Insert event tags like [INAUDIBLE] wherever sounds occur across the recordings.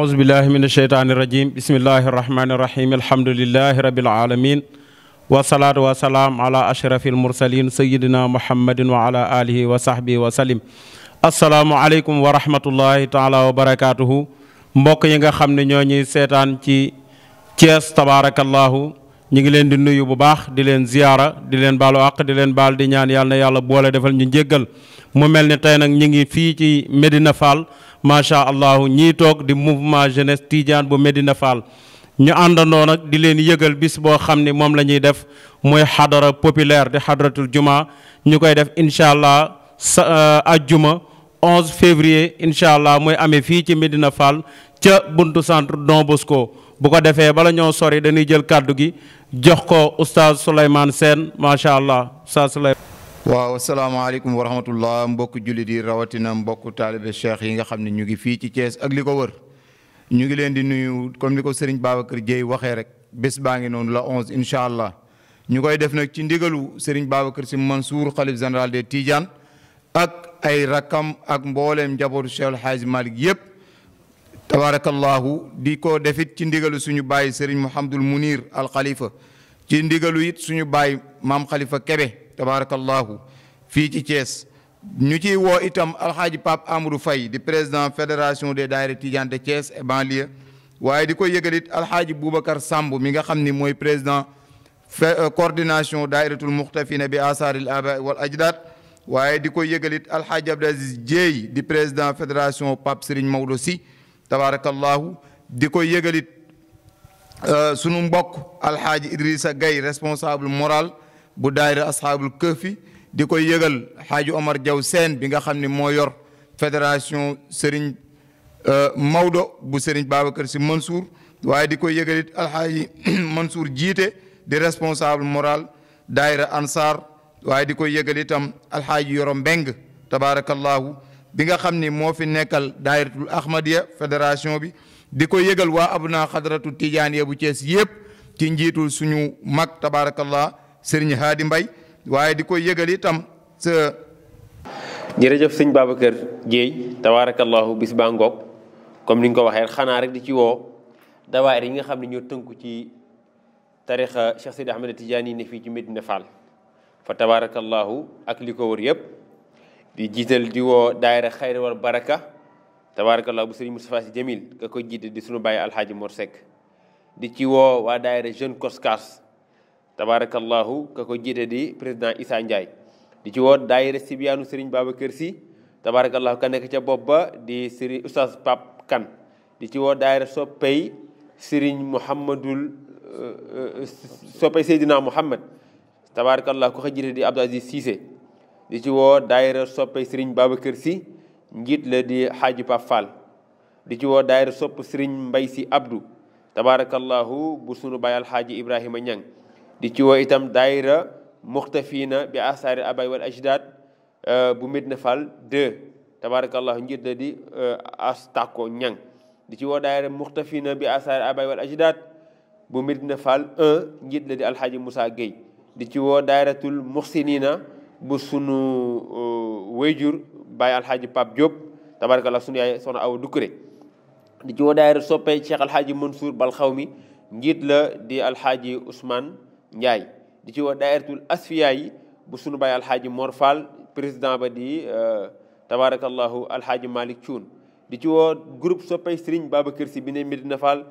أعوذ بالله من الشيطان الرجيم بسم الله الرحمن الرحيم الحمد لله رب العالمين والصلاة والسلام على أشرف المرسلين سيدنا محمد وعلى آله وصحبه وسلم asalaamu aleykum wa rahmatullahi taala wa barakaatuhu mbokk yi nga xam ne ñoo ñuy seetaan ci Thiès tabaarakallaahu ñu ngi leen di nuyu bu baax di leen ziyaara di leen baalu àq di leen baal di ñaan yàlla yàlla boole defal ñu njéggal mu mel ni tey nag ñu ngi fii ci Medina Fall macha allah ñii toog di mouvement jeunesse tidiane bu Medina Fall. ñu àndandoo nag di leen yëgal bis boo xam ni moom la ñuy def muy xadara populaire di xadaratul jumaa ñu koy def incha allah sa euh, ajjuma 11 février incha allah mooy amee fii ci Medina Fall ca buntu centre Don Bosco bu ko defee bala ñoo sori dañuy jël kàddu gi. jox ko oustaz Souleymane seen macha allah oustaz Souleymane. waaw asalaamaaleykum wa rahmatullah mbokk jullit yi rawatina mbokk taalibe cheikh yi nga xam ne ñu ngi fii ci Thiès ak li ko wër ñu ngi leen di nuyu comme ni ko sëriñ kër Dieye waxee rek bés baa ngi noonu la onze incha allah ñu koy def nag ci ndigalu sëriñ Babacar Sy Mansour xalif général de tiijan ak ay rakam ak mbooleem njabootu Cheikh El Hadj Malick yëpp. tabaarakallaahu di ko defit ci ndigalu suñu baay sëriñ Mouhamadul Munir al Khalifa ci ndigalu it suñu baay maam Khalifa Kebe tabaarakallaahu fii ci Thiès ñu ciy woo itam alxaaji Pape Amadou fay di président fédération de daayira Tidiane de Thiès et banlieue waaye di ko yëgalit alxaaji Boubacar Samb mi nga xam ni mooy président euh, coordination daayiratul muxtafina bi asaaril aba wal ajdaad waaye di ko yëgalit alxaaji Abdou di président fédération Pape Serigne Maodo si tabaarakallaahu di koy yëgalit euh, sunu mbokk alxaaji Idrissa Gaye responsable moral bu daayira asxaabul kahfi di koy yëgal xaaji Omar Diaw Seen bi nga xam ni moo yor fédération Serigne euh, Maodo bu Serigne Babacar Sy Mansour waaye di koy yëgalit alxaaji [CLEARS THROAT] Mansour jiite di responsable moral daayira Ansar waaye di koy yëgal itam alxaaji Yoro Mbeng tabaarakallaahu bi nga xam ni moo fi nekkal daayiratul ahmadiya fédération bi di koy yëgal waa abuna xadaratu tijaaniya bu Cees yëpp ci njiitul suñu mag tabaarakallah sëriñ Haadi Mbay waaye di koy yëgal itam sa jërëjëf sëñ Babacar Dieye tabaarakallahu bis baa ngoog comme ni nga ko waxee xanaa rek di ci woo dawaayir yi nga xam ne ñoo tënku ci tarixa Cheikh Sidi Ahmed Tidiane yi ne fii ci Medina Fall fa tabaarakallahu ak li ko wër yëpp di jiital di woo daayira xayri wal baraka tabarakallah bu sëriñ Moustapha Sy Jamil ka ko jiite di sunu bàyyi alxaaji Mor Seck di ci woo waa daayira jeune Koskas tabarakallahu ka ko jiite di président Issa Ndiaye di ci woo daayira sibiyaanu sëriñ Babacar Sy tabarakallahu ka nekk ca bopp ba di sëriñ oustaz Pape Kane di ci woo daayira soppey sëriñ Mouhamadul euh, euh, euh, soppey Seydina Mouhamad tabarakallahu ko ko jiite di Aziz Cissé di ci woo daayira soppe Serigne kër si njiit la di Xaaji Pap Fall di ci woo daayira sopp Serigne Mbay si Abdou tabarakallahu bu sunu bayal Xaaji Ibrahima Ñang di ci wo itam daayira muxtafiina bi asaari abay wal ajdaad euh, bu Medina Fall 2 tabarakallahu njiit la di euh, Astako Ñang di ci woo daayira muxtafiina bi asaari abay bu Medina Fall 1 njiit la di bu sunu euh, wayjur Baye Alhaji Pape Diop tabarakallah sunu yaay soxna Awa Dukkure di ci woo daayira soppe Cheikh Alhaji Mansour Bal xaw mi njiit la di Alhaji Ousmane Ndiaye di ci woo daayiratul asfiya bu sunu Baye Alhaji moor Fall président ba di euh, tabarakallahu Alhaji Malick Thioune di ci woo groupe soppe Serigne Babacar Sy bi ne Medina Fall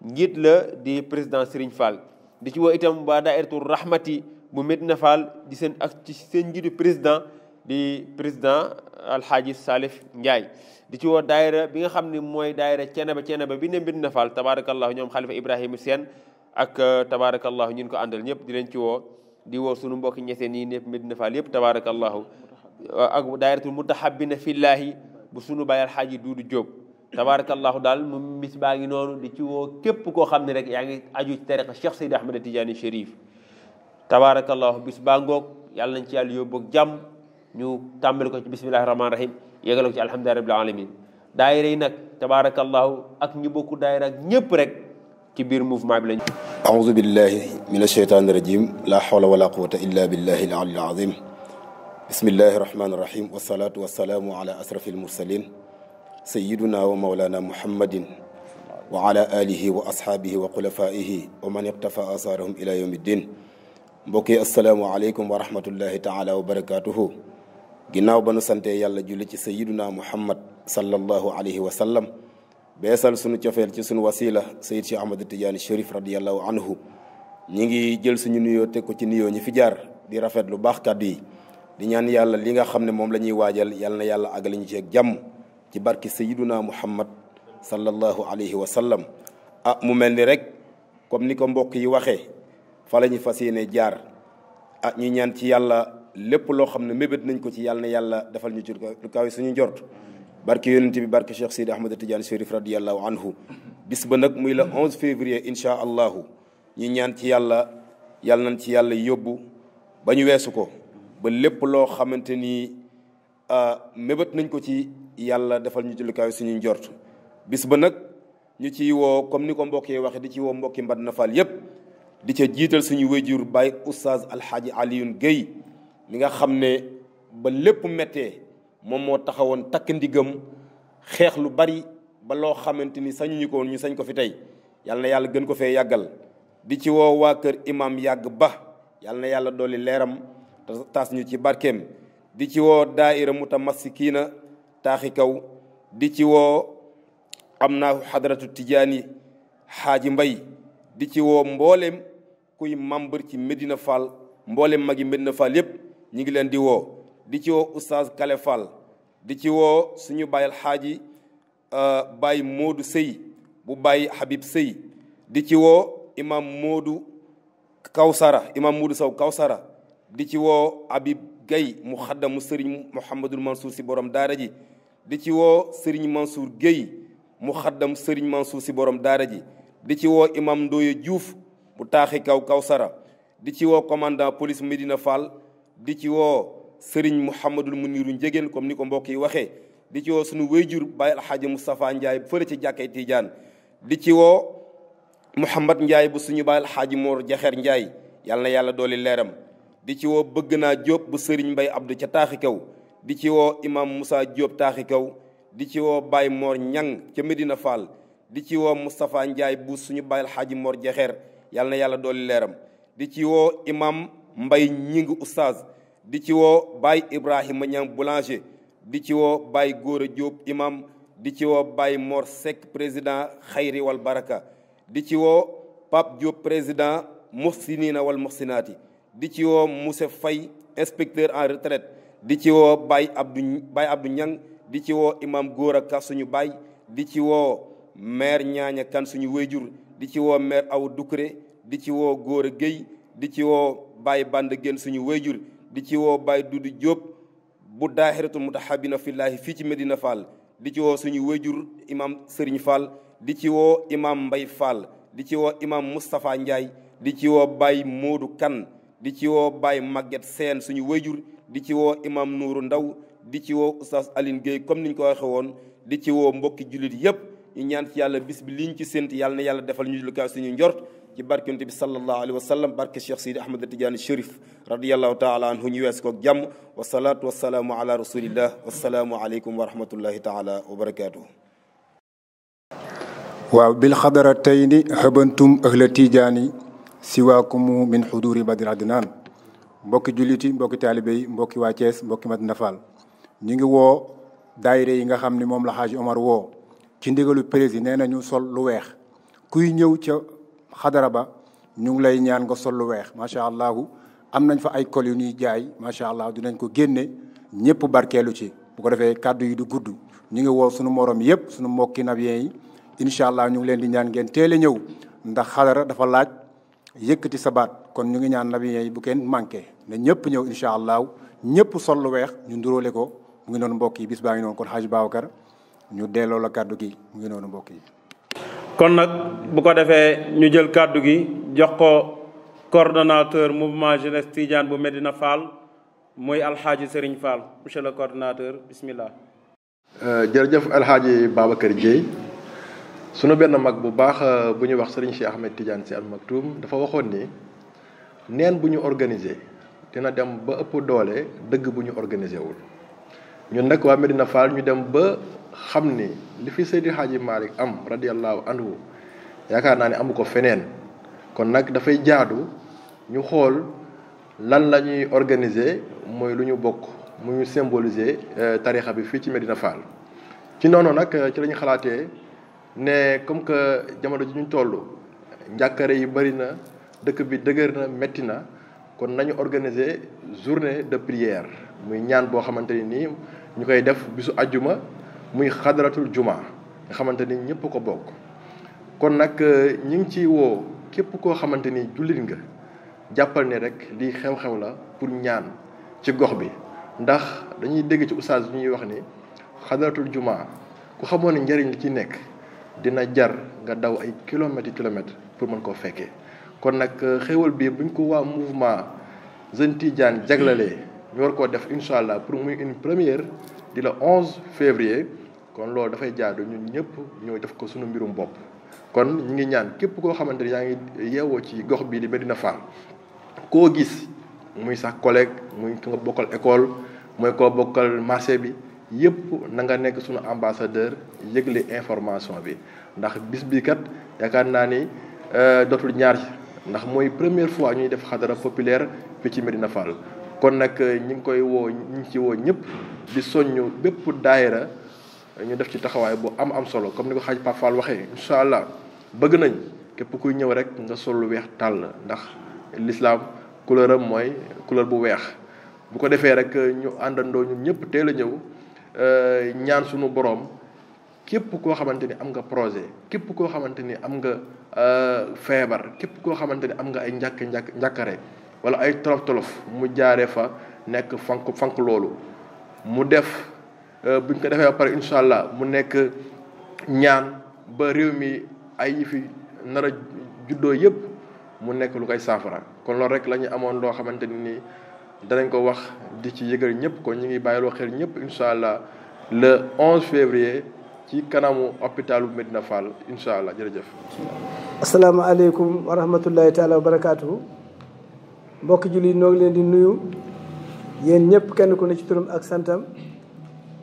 njiit la di président Serigne Fall di ci woo itam waa daayiratul rahmati mu Medina Fall di seen ak ci seen njiitu président di président alxaaji Salif Ndiaye di ci woo daayira bi nga xam ni mooy daayira Ceneba Ceneba bi ne Medina Fall tabaarakallahu ñoom xalifa Ibrahima Seen ak euh, tabaarakallahu ñun ko àndal ñëpp di leen ci woo di woo sunu mbokki ñeseen yi nekk Medina Fall yëpp tabaarakallahu ak daayiratul mutahabbina fillahi bu sunu baay alxaaji Duudu Jóob tabarakallahu daal mu mis baa ngi noonu di ci woo képp koo xam ne rek yaa ngi aju ci tariqa Cheikh Seydi Ahmed Tidiane Chérif tabaarakallaahu bis baa ngoog yàlla nañ ci yàlla yóbbu ak jàmm ñu tàmbali ko ci bismillahi rahmaani rahim yégale ko ci alhamdulillahi rabbil alamin daayira yi nag tabaarakallaahu ak ñu bokku daayira ak ñëpp rek ci biir mouvement bi lañ aoudu billahi min asheytaani rajim la hawla wala quwata illa billahi al aliyil azim bismillahi rahmaani rahim wasalaatu wasalaamu ala asrafi almursalin sayiduna wa maulana muhammadin wa ala alihi wa ashaabihi wa xulafaihi wa man iqtafa asaarahum ila yawmi ddin mbokk yi asalaamaaleykum wa rahmatullahi taala wa barakaatuhu ginnaaw ba nu santee yàlla julli ci sayiduna muhammad sallallahu alayhi wa sallam sal sunu cofeel ci sunu wasila sayid cheikh ahmad tidiane chérif radiallahu anhu ñi ngi jël suñu nuyoo teg ci nuyoo ñi fi jaar di rafet lu baax kàddu yi di ñaan yàlla li nga xam ne moom la ñuy waajal yàlla na yàlla ñu ceeg jàmm ci barki sayiduna muhammad sallallahu alayhi wa salam a ah, mu mel ni rek comme ni ko mbokk yi waxee fa la ñu fas yéene jaar ah ñu ñaan ci yàlla lépp loo xam ne mébét nañ ko ci yàlla yàlla defal ñu ci lu kawe jort njort barke yonent bi barke Cheikh Sidi Ahmad Tidiane Chérif radiyallahu anhu bis ba nag muy le 11 février incha allahu ñu ñaan ci yàlla yàlla nañ ci yàlla yóbbu ba ñu weesu ko ba lépp loo xamante ni ah, mébét nañ ko ci yàlla defal ñu ci suñu njort bis ba nag ñu ciy woo comme ni ko mbokk waxe di ci woo mbokki Mbadina fal yépp di ca jiital suñu wéjur bay Oustaz Alxaaji Alioune Guèye mi nga xam ne ba lépp méttee moom moo taxawoon takk ndigam xeex lu bari ba loo xamante ni sañu ñu ko woon ñu sañ ko fi tey yàlla na yàlla gën ko fee yàggal di ci woo waa kër imam yàgg ba yàlla na yàlla dolli leeram te taas ñu ci barkeem di ci woo daaira mutamassikiina taaxi kaw di ci woo am naa xadaratu tijaani xaaji mbay di ci woo mbooleem kuy membre ci Medina Fall mboolem mag yi Medina Fall yëpp ñu ngi leen di woo di ci woo oustaz Kale Fall di ci woo suñu baay alxaaji euh, baay Moodu Sëy bu baay Habib Sëy di ci woo imam Moodu Kawsara imam Moodu Sow Kawsara di ci woo Habib Gaye mu xaddamu Serigne Mouhamadul Mansour si borom daara ji di ci woo Serigne Mansour Guèye mu xaddam Serigne Mansour si borom daara ji di ci woo imam Ndoye Diouf bu taaxi kaw Kawsara di ci woo commandant police Medina Fall di ci woo sëriñ mu Muniru Njegéen comme ni ko mbokk yi waxee di ci woo sunu wéyjur Baye Alxaaji Moustapha Ndiaye fële ci jàkkee Tidiane di ci woo Mouhamad Ndiaye bu suñu Baye Alxaaji Moor Jaxeer Ndiaye yàlla na yàlla dooli leeram di ci woo bëgg naa Diop bu sëriñ Mbay Abdou ca taaxi kaw di ci woo imam Moussa Diop taaxi kaw di ci woo Baye Moor Ñang ca Medina Fall di ci woo Moustapha Ndiaye bu suñu Baye Alxaaji Moor Jaxeer yàlla na yàlla dooli leeram di ci woo imaam mbay ñingi oustaz di ci woo baay ibrahima ñang boulanger di ci woo baay góora jóob imaam di ci woo baay mor seck président xayri wal baraka di ci woo pape diop président muxsinina wal muxsinaati di ci woo monsieur fay inspecteur en retraite di ci woo baay abdu baay abdu ñang di ci woo imam góora ka suñu baay di ci woo maire ñaaña kan suñu wéyjur di ci woo maire aw Dukuré di ci woo góor a Guèye di ci woo Baye Bande Guène suñu wéyjur di ci woo Baye Dudu Diop bu mut daahiratul mutahabina fillahi fii ci Medina Fall di ci woo suñu wéyjur imam Serigne Fall di ci woo imaam Mbay Fall di ci woo imaam Moustapha Ndiaye di ci woo Baye Modou kan di ci woo Baye Maguette seen suñu wéyjur di ci woo imam Nourou Ndaw di ci woo Oustaz Aline Guèye comme ñu ko waxe woon di ci woo mbokki jullit yépp ñu ñaan ci yàlla bis bi liñ ci sént yàlla yàlla defal ñu lu kaw suñu njort ci barke yonent bi sallallahu alayhi wa sallam barke Cheikh Sidi Ahmad Tidiane Chérif radiallahu taala anhu ñu wees koog jàmm wasalaatu wasalaamu ala rasulillah wasalaamu aleykum wa rahmatullahi taala wa barakaatuhu waaw bil xadaratayni xëbantum ahla tijaani siwaakumu min xuduri badri adnaan mbokki jullit yi mbokki taalibe yi mbokki waa Thiès mbokki Madina ñu ngi woo daayire yi nga xam ni moom la xaaji Omar woo ci ndigalu président nee na ñu sol lu weex kuy ñëw ca xadara ba ñu ngi lay ñaan nga sol lu weex macha allah am nañ fa ay col yu ñuy jaay macha allah dinañ ko génne ñëpp barkelu ci. bu ko defee kàddu yi du gudd ñu ngi woo suñu morom yëpp suñu mbokki nabien yi incha allah ñu ngi leen di ñaan ngeen teel a ñëw ndax xadara dafa laaj yëkkati sabaat kon ñu ngi ñaan nabien yi bu kenn manqué na ñëpp ñëw incha allah ñëpp sol lu weex ñu nduroole ko mu ngi noonu mbokk yi bis baa ngi noonu kon baaw Babacar ñu delloo la kàddu gi mu ngi noonu mbokk yi. kon nag bu ko defee ñu jël kàddu gi jox ko coordonnateur mouvement jeunesse Tidiane bu Medina Fall muy alxaaji sëriñ Fall monsieur le coordonnateur bismillah. Euh, jërëjëf alxaaji Babacar Dieye sunu benn mag bu baax euh, bu ñu wax Serigne si Ahmed Tidiane si Al Maktoum dafa waxoon ni neen bu ñu organiser dina dem ba ëpp doole dëgg bu ñu organiser wul ñun waa Medina Fall ñu dem ba. xam ni li fi Seydi Hadji Malick am radiallahu anhu yaakaar naa ni amu ko feneen kon nag dafay jaadu ñu xool lan lañuy ñuy organiser mooy lu ñu bokk mu ñu symboliser euh, tarixa bi fii ci Medina Fall. ci noonu nag euh, ci la xalaatee ne comme que jamono ji ñu toll njàkkare yi bëri na dëkk bi dëgër na métti na kon nañu organiser journée de prière muy ñaan boo xamante nii ñu koy def bisu àjjuma muy xadaratul juma nga xamante ni ñëpp ko bokk kon nag euh, ñi ngi ci woo képp koo xamante ni jullit nga jàppal ne rek lii xew-xew la pour ñaan ci gox bi ndax dañuy dégg ci oustaz ñuy wax ni xadaratul juma ku xamoon ne njëriñ li ci nekk dina jar nga daw ay kilomètres yi pour mën koo fekkee kon nag euh, xéewal bi buñ ko waa mouvement Jeunes Tidianes jaglalee ñu war koo def incha allah pour muy une première di la 11 février kon loolu dafay jaadu ñun ñëpp ñoo def ko suñu mbirum bopp kon ñu ngi ñaan képp koo xamante ni yaa ngi yeewoo ci gox bii di Medina Fall koo gis muy sax collègue muy ko nga bokkal école mooy ko bokkal marché bi yëpp na nga nekk suñu ambassadeur yëgle information bi ndax bis bi kat yaakaar naa ni euh, dootul ñaar ndax mooy première fois ñuy def xadara populaire fi ci Medina Fall kon nag euh, ñi ngi koy woo ñi ngi ci woo ñëpp di soññ bépp daayira ñu def ci taxawaay bu am am solo comme ni ko xaaj Pape Fall waxee incha allah bëgg nañ képp kuy ñëw rek nga sol lu weex tàll ndax l'islam couleur am mooy couleur bu weex bu ko defee rek ñu àndandoo ñun ñëpp teel a ñëw euh, ñaan suñu boroom képp koo xamante ni am nga projet képp koo xamante ni am nga euh, feebar képp koo xamante ni am nga ay njàkk njàkk njàkkare wala ay tolof tolof mu jaaree fa nekk fank fank loolu mu def bu euh, buñ ko defee ba pare incha mu nekk ñaan ba réew mi ay yi fi nar a yëpp mu nekk lu koy saafara kon loolu rek la amoon loo xamante ni danañ ko wax di ci yëgal ñëpp kon ñu ngi bàyyiloo xel ñëpp incha allah le 11 février ci kanamu hôpitalu Medina Fall incha allah jërëjëf. asalaamaaleykum wa rahmatullahi taala barakaatu. mbokk julli noo leen di nuyu yéen ñëpp kenn ku ne ci turam ak santam.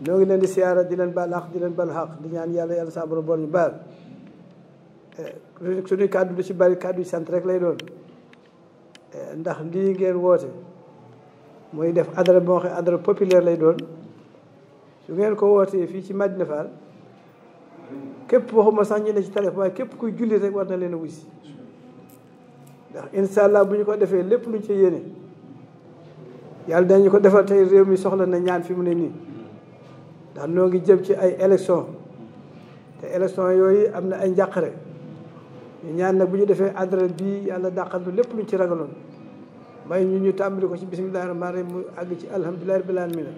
ñoo ngi leen di siyaara di leen baal xaq di leen baal xaq di ñaan yàlla yàlla saa borom ñu baal eh, suñuy kàddu du ci bari kàddu yi sant rek lay doon eh, ndax lii ngeen woote mooy def adara boo xam adara populaire lay doon su ngeen ko wootee fii ci Madina Fall képp waxuma sax ñu ne ci téléphone waaye képp kuy julli rek war na leen a wusi ndax incha allah bu ñu ko defee lépp luñ ci yéene yàlla dañu ko defal tey réew mi soxla na ñaan fi mu ne nii ndax noo ngi jëm ci ay élection te élection yooyu am na ay njàqare ñu ñaan nag bu ñu defee adra bii yàlla dàqal lu lépp luñ ci ragaloon may ñu ñu tàmbali ko ci bisimilahi rahmaani rahim mu àgg ci alhamdulilahi rabbil aalamiina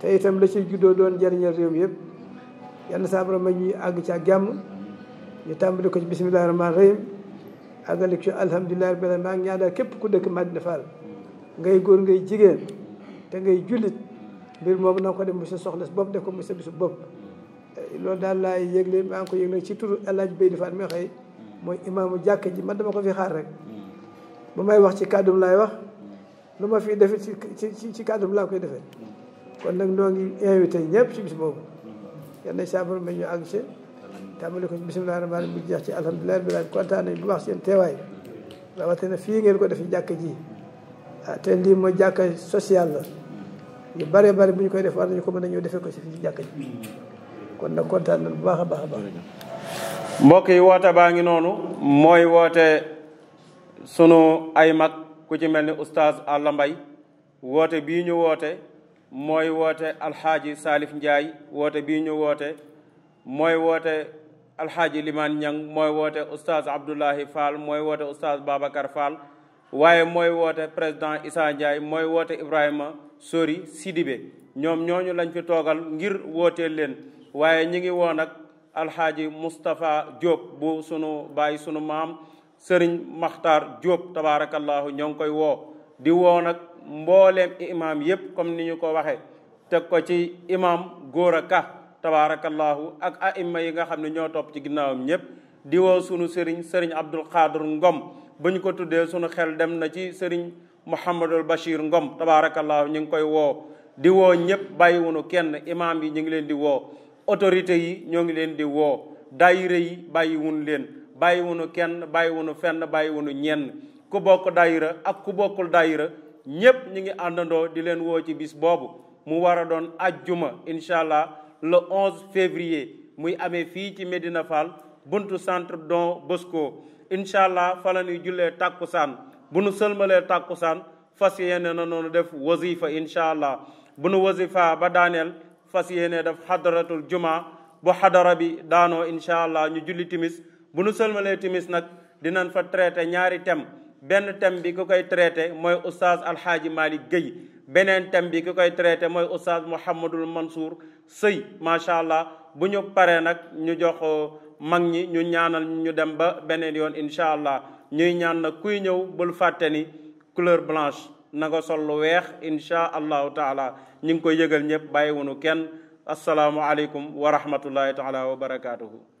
te itam la ciy juddoo doon jëriñal réew yëpp yàlla saa borom may àgg ci ak jàmm ñu tàmbali ko ci bisimilahi rahmaani rahim àggale ci alhamdulilahi rabbil aalamiina maa ngi ñaan daal képp ku dëkk Madina Fall ngay góor ngay jigéen te ngay jullit mbir moom na ko def mu sa soxla bopp def ko mu sa bisu bopp loolu daal laay yëgle maa ngi ko yëgle ci turu El Hadj Bay di Faat mi xëy jàkk ji man dama ko fi xaar rek bu may wax ci kàddum laay wax lu ma fii defe ci ci kàddum laa koy defee kon nag noo ngi invité ñëpp ci bis boobu yal nañ saa borom ñu àgg si tàmbali ko bisimilah rahmaani bu jeex ci alhamdulilah bi laaj kontaan nañ bu baax seen teewaay rawatina fii ngeen ko def jàkk ji ah, te lii mooy jàkk social la lu bare bari bu ñu koy def war nañu ko mën defee ko si fii jàkk ji kon nag kontaan bu baax a baax a baax mbokk woote baa ngi noonu mooy woote sunu ay mag ku ci mel ni oustaz Alla mbay woote bii ñu woote mooy woote alxaaji Salif Ndiaye woote bii ñu woote mooy woote alxaaji Limaan Ñang mooy woote oustaz Abdoulahi Fall mooy woote oustaz Babacar Fall waaye mooy woote président issaa Ndiaye mooy woote Ibrahima sori sidibe ñoom ñooñu lañ fi toogal ngir wooteel leen waaye ñi ngi woon ak alxaaji Moustapha Diop bu sunu baay sunu maam sëriñ maxtar Diop tabaarakallaahu ñoo ngi koy woo di woo nag mbooleem imaam yépp comme ni ñu ko waxee teg ko ci imaam góor a ka tabaarakallaahu ak aima yi nga xam ne ñoo topp ci ginnaawam ñépp di woo sunu sëriñ sëriñ Abdul Xaadir Ngom bu ñu ko tuddee sunu xel dem na ci sëriñ Mouhamadul Bachir Ngom tabaarakallaahu ñu ngi koy woo di woo ñëpp bàyyiwunu kenn imaam yi ñu ngi leen di woo autorité yi ñoo ngi leen di woo daayira yi bàyyiwun leen bàyyiwunu kenn bàyyi bàyyiwunu fenn bàyyi bàyyiwunu ñenn ku bokk dayira ak ku bokkul daayira ñëpp ñu ngi àndandoo di leen woo ci bis boobu mu war a doon ajjuma incha allah le 11 février muy amee fii ci Medina Fall buntu centre Don Bosco incha allah fala la ñuy jullee tàkkusaan bu nu sëlmalee tàkkusaan fas yéene na noonu def wasifa incha allah bu nu wasifa ba daaneel fas yéene def xadaratul juma bu xadara bi daanoo incha allah ñu julli timis bu nu sëlmalee timis nag dinañ fa traité ñaari thème benn thème bi ku koy traité mooy oustaz alhaaji Malick Guèye beneen thème bi ku koy traité mooy oustaz Mouhamadul Mansour Sëy macha allah bu ñu paree nag ñu jox mag ñi ñu ñaanal ñu dem ba beneen yoon incha allah ñuy ñaan na kuy ñëw bul fàtte ni couleur blanche na nga sol lu weex insha allahu taala ñu ngi koy yëgal ñëpp bàyyiwunu kenn asalaamualeykum wa rahmatullahi taala wa barakaatuhu